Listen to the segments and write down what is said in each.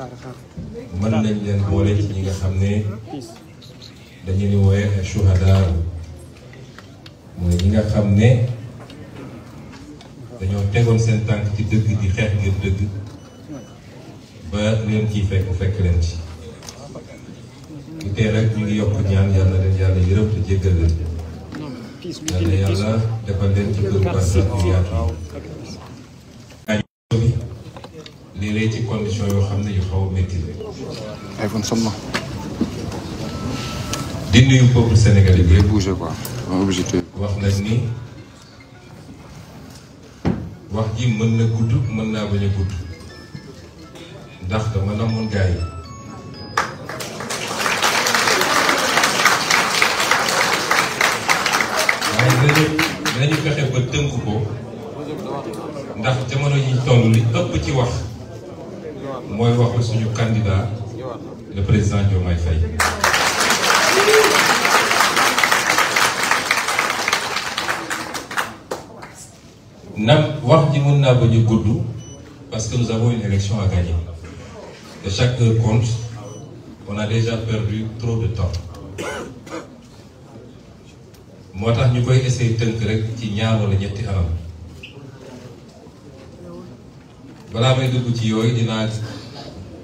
xaar xaar. mën nañ leen boole ci ñi nga xam ne dañu ni wooye ay shuhadaa mooy ñi nga xam ne dañoo tegoon seen tànk ci dëgg di xeex ngir dëgg ba leen ciy fekk fekk leen ci. bu tee nag ñu yokk ñaan yàlla leen yàlla yërëm te jéggal yàlla defal leen ci kër bu baax yaatu xam ne yu xaw a wax na ni wax ji mën na gudd mën naa bañ a gudd ndax dama namoon gars yi. waaye dinañu dinañu fexe ba tënk ko ndax jamono yi toll li ëpp ci wax. mooy waxu suñu candidat le président Diomaye Faye na wax ji mën naa bañ gudd parce que nous avons une élection à gagner et chaque heure moo tax ñu koy essayer tënk rek ci ñaar wala ñetti anam balaa may dugg ci yooyu dinaa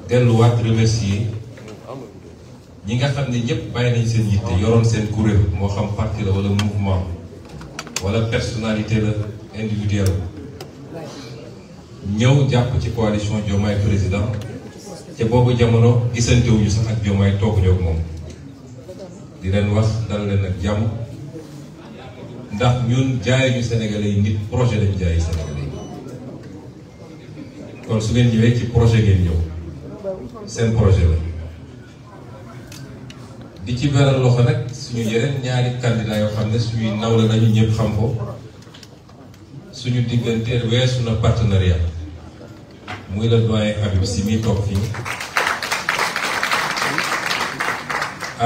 delluwaat remercier ñi nga xam ne ñëpp bàyyi nañ seen yitte yoroon seen kuréel moo xam parti la wala mouvement wala personnalité la individuelle ñëw jàpp ci coalition Diomaye président te boobu jamono gisantewuñu sax ak Diomaye tooguñoo ak moom di leen wax dal leen ak jàmm ndax ñun jaayuñu Sénégalais yi nit projet lañ jaayi Sénégalais yi kon su ngeen ñëwee ci projet ngeen ñëw. seen projet la di ci beral loxo nag suñu yeneen ñaari candidat yoo xam ne suñuy naw nañu ñëpp xam ko suñu diggante weesu na partenariat muy la doyen Habib Sy mi toog fii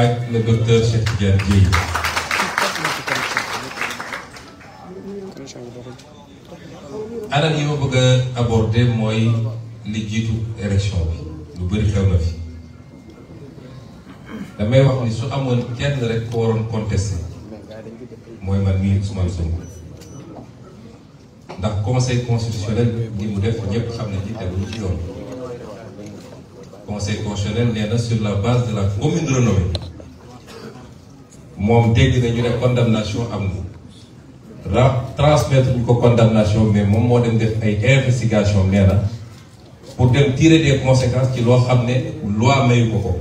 ak le docteur Cheikh Tidiane Dièye anam yi ma mooy li jiitu élection bi lu bëri xew na fi damay wax ni su amoon kenn rek ko waroon contesté mooy man mii Ousmane Sonko ndax conseil constitutionnel li mu def ñëpp xam nañ ci teguñu ci yoon conseil constitutionnel nee sur la base de la commune renommée moom dégg nañu ne condamnation am na ra transmettre ñu ko condamnation mais moom moo dem def ay investigation nee pour dem tirer des conséquences ci loo xam ne loi mayu ko ko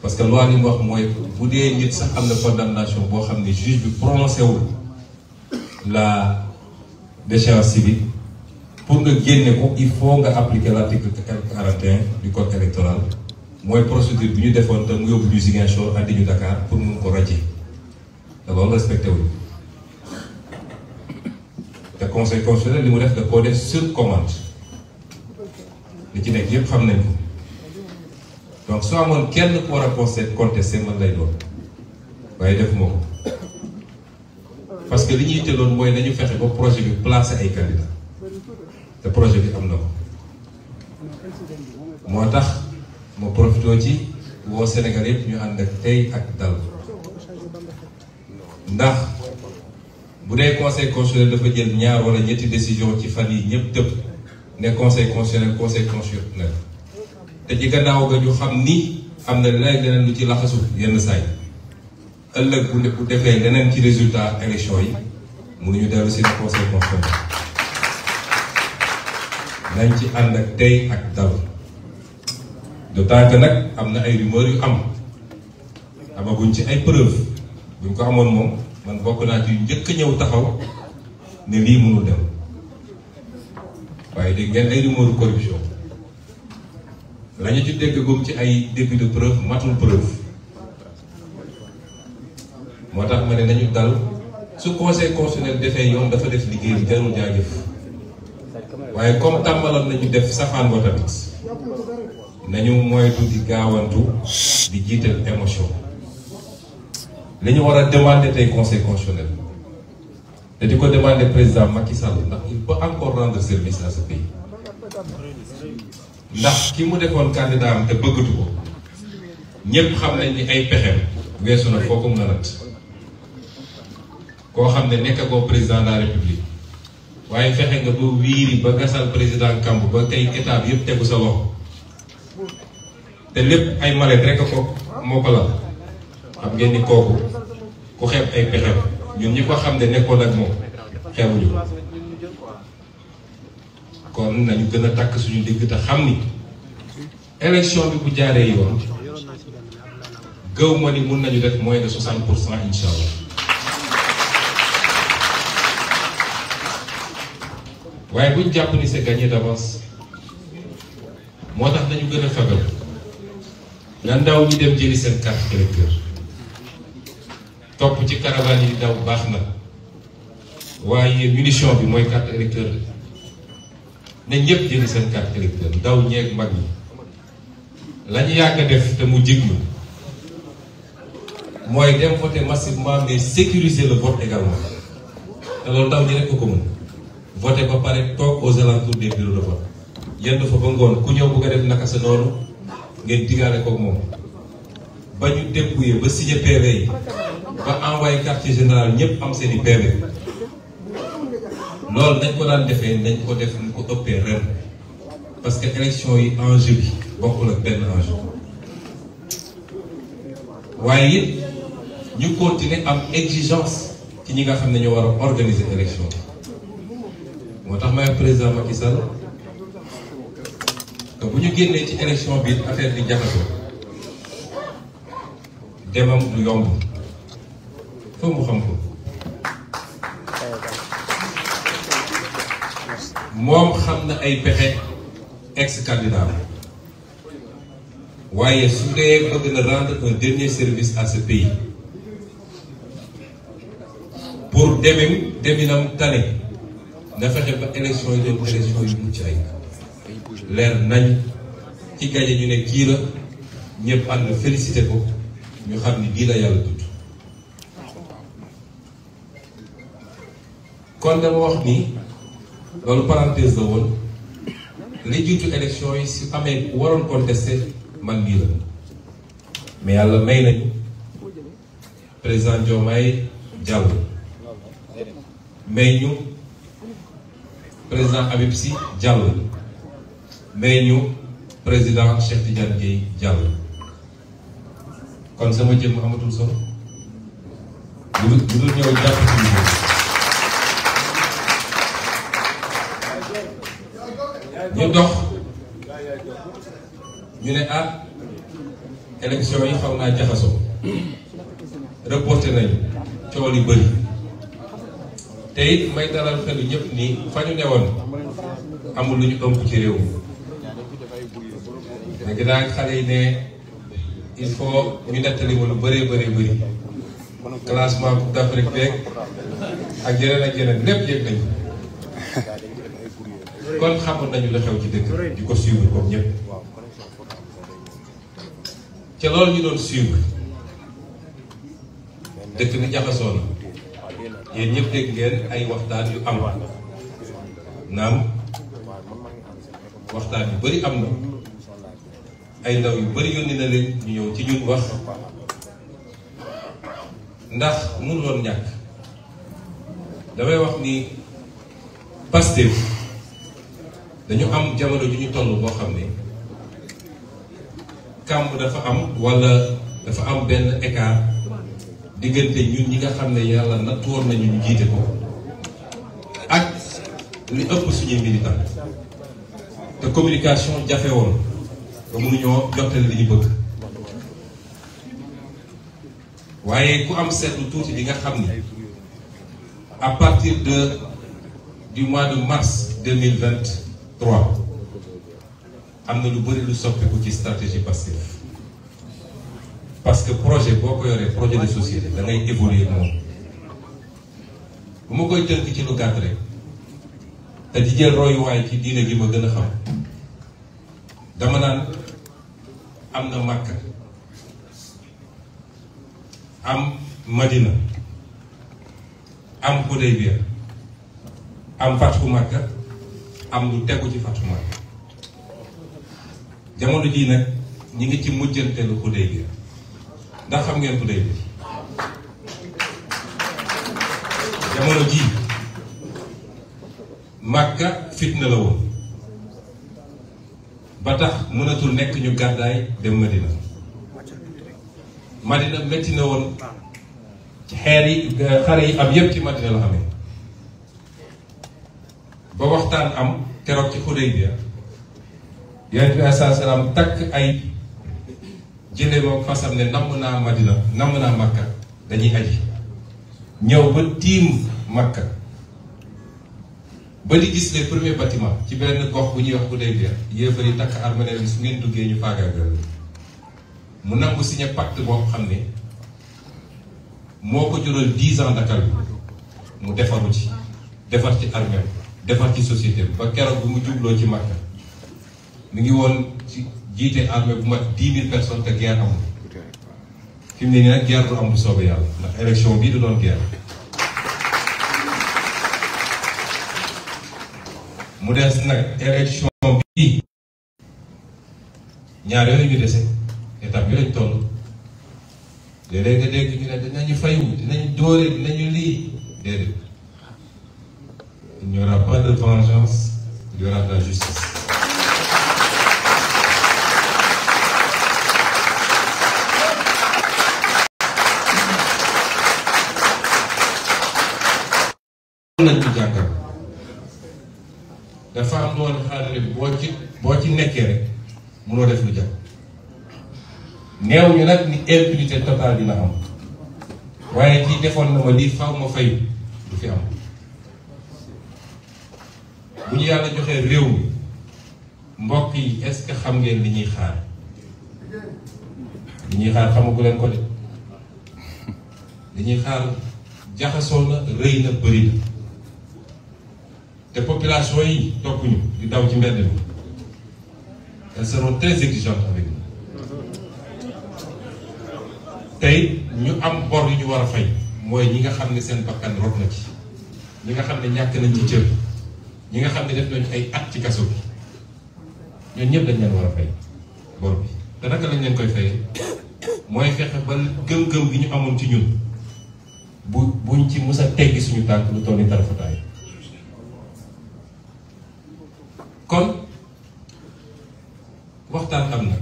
parce que loi li mu wax mooy bu dee nit sax am na condamnation boo xam ne juge bi prononcé wul la déchéance civique pour nga génne ko il faut nga appliquer l'article quarante et un code électoral mooy procédure bi ñu defoon te mu yóbbu ñu Ziguinchor andi ñu Dakar pour mun ko rajee te loolu respecté wuñ def da koo def sur li ci nekk yëpp xam nañ ko donc soo amoon kenn ku war a conseil contesté man lay doon waaye def moo ko parce que li ñuy teeloon mooy nañu fexe ba projet bi placé ay candidat te projet bi am na ko moo tax ma profitoo ci woo Sénégal yëpp ñu ànd ak tey ak dal ndax bu dee conseil constitutionnel dafa jël ñaar wala ñetti décision ci fan yi ñëpp tëb ne conseil constitutionnel conseil constitutionnel te ci gannaaw ga ñu xam ni am na leneen leneen lu ci laxasu yenn saa yi ëllëg bu bu defee leneen ci résultat élection yi mënuñu dellu si conseil constitutionnel nañ ci ànd ak tey ak dal d'autant que nag am na ay rumeur yu am amaguñ ci ay preuve buñ ko amoon moom man bokk naa ci njëkk ñëw taxaw ne lii mënul dem. waaye dégg ngeen ay rumeur corruption la ñu ci déggagum ci ay début de preuve matul preuve moo tax ma ne nañu dal su conseil constitutionnel defee yoon dafa def liggéey jarul jaajëf waaye comme tàmbaloon nañu def safaan ba tamit nañu mooy di gaawantu di jiital émotion li ñu war a demander tey conseil constitutionnel. te di ko au président Macky Sall, il peut encore rendre service à ce pays. ndax ki mu defoon candidat am te bëggatu ko ñëpp xam nañ ni ay pexem weesu na foo ko mën a natt koo xam ne nekk nekkagoo président de la république waaye fexe nga ba wiiri ba gasal président kamb ba tey état yëpp tegu sa loxo te lépp ay malet rek a ko moo ko lal xam kooku ku xeeb ay pexem ñun ñi ko xam ne nekkoon ak moom xewuñu ko kon nañu gën a takk suñu digg te xam ni élection bi bu jaaree yoon gëw ma ni mun nañu rek moins de 60 pour cent incha allah waaye buñ jàpp ni c'est gagné moo tax nañu gën a fegal nga ndaw ñi dem jëli seen carte électeur topp ci caravane yi daw baax na waaye munition bi mooy carte électeur ne ñëpp jënd seen carte électeur ndaw ñeeg mag ñi la ñu def te mu jig ma mooy dem voter massivement mais sécuriser le vote également te loolu ndaw ñi rek ko ko mën ba pare toog aux alentours des bureaux de yenn fa ba ngoon ku ñëw bu nga def naka sa noonu ngeen digaale koog moom ba ñu dépouiller ba signer PV yi. ba envoyé quartier général ñëpp am seen i PV loolu nañ ko daan defee nañ ko def ñu ko ëppee ren parce que élection yi enjeu bi bokkul ak benn enjeu waaye it ñu continuer am exigence ci ñi nga xam ne ñoo war a organiser élection bi moo tax may président ma Sall que bu ñu génnee ci élection bi affaire bi jaxasoo demam yomb. foo xam ko moom xam na ay pexe ex candidat waaye su dee bëgg na rendre un dernier service à ce pays pour demim deminam tane na fexe ba élection yi doon yu mucc ay leer nañ ci gaje ñu ne kii la ñëpp ànd félicité ko ñu xam ni lii la yàlla tudd kon dama wax ni loolu parenthèse la woon li jiitu élection yi si amee waroon contesté man bii la mais yàlla may nañu président Diomaye Diallo may ñu président Habib si Diallo may ñu président Cheikh Tidiane Gueye Diallo kon sama jëmm amatul solo lu dul ñëw jàpp ci ñu dox ñu ne ah élection yi xaw naa jaxasoo reporté nañu coow yu bëri te it may dalal xelu ñëpp nii fa ñu newoon amul lu ñu ëmb ci réew mi léegi daal xale yi ne il faut ñu nettali ma lu bëree bëree bëri classement Coupe d'Afrique beeg ak yeneen ak yeneen lépp yëg nañu. kon xamoon nañu la xew ci dëkk di ko suivre comme ñëpp ca loolu ñu doon suivre dëkk bi jaxasoo na yéen ñëpp dégg ay waxtaan yu am naam waxtaan yu bari am na ay ndaw yu bari yónni na leen ñu ñëw ci ñun wax ndax mënuloon ñàkk damay wax ni Pastef dañu am jamono ju ñu toll boo xam ne kàmb dafa am wala dafa am benn écart diggante ñun ñi nga xam ne yàlla nattuwoon nañu ñu jiite ko ak li ëpp suñuy militant te communication jafe woon ba mënuñoo jottali li ñu bëgg waaye ku am seetlu tuuti bi nga xam ni à partir de du mois de mars deux mille vingt trois am na lu bëri lu soppeeku ci stratégie Pastef parce que projet boo ko yoree projet de société da ngay évoluer moom bu ma koy tënk ci lu gàtt rek te di jël royuwaay ci diine gi gën a xam dama naan am na Makka am Madina am Hudaybiya am Fathu Makka am lu tegu ci Fatou jamono jii nag ñi ngi ci mujjanteelu xuddee bi ndax xam ngeen xuddee bi jamono jii màkka fitna la woon ba tax mënatul nekk ñu gàddaay dem Madina Madina métti na woon xeer yi xare yi am yépp ci Madina la xame ba waxtaan am keroog ci Xudaybiya yonent bi alayhi salaam takk ay jëlee moom fasam ne namm naa Madina namm naa Makka dañuy aji ñëw ba tiim Makka ba di gis les premiers bâtiments ci benn gox bu ñuy wax Xudaybiya yéefar yi takk armée bi su ngeen duggee ñu faagaagal mu si signé pacte boo xam ne moo ko jural dix ans Dakar bi mu defaru ci defar ci armée defar ci ba keroog bi mu jubloo ci Makka mi ngi woon ci jiite armée bu mat dix mille personnes te ne nii nag guerre du am bu soobee yàlla ndax élection bii du doon guerre. mu des nag élection bii ñaar yooyu ñu dese étape yooyu ñu ne dinañu fayu dinañu Il n'y aura pas de vengeance, il y aura de la justice. nañ ci jàngal ne boo ci boo ci nekkee rek mënoo def lu jàpp néew ñu nag ni impunité waaye kii defoon na ma faw ma fay du fi am bu ñu yàlla joxee réew mi mbokk yi est-ce que xam ngeen li ñuy xaar li ñuy xaar xamagu leen ko de li ñuy xaar jaxasoo na rëy na bëri na te population yi toppuñu yu daw ci mbedd mi elles seront très tey ñu am bor yu ñu war a fay mooy ñi nga xam ne seen bakkan rot na ci ñi nga xam ne ñàkk nañ ci cër ñi nga xam ne def nañu ay at ci kaso bi ñoom ñëpp dañ leen war a fay bor bi te naka lañ leen koy fayee mooy fexe ba gëm-gëm gi ñu amoon ci ñun bu buñ ci mës a teggi suñu tànk lu toll ni tarafataay kon waxtaan am na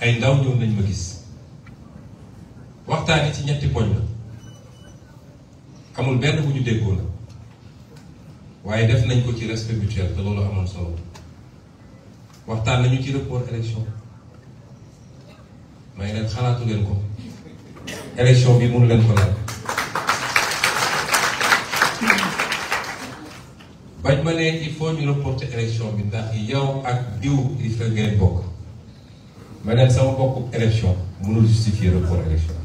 ay ndaw ñëw nañ ma gis waxtaan yi ci ñetti poñ la amul benn bu ñu déggoo la waaye def nañ ko ci respect mutuel te loolu amoon solo waxtaan nañu ci report élection may leen xalaatu leen ko élection bi mënu leen ko laal bañ ma ne il faut ñu reporter élection bi ndax yow ak diw il faut ngeen bokk ma leen sama bokk élection mënul justifier report élection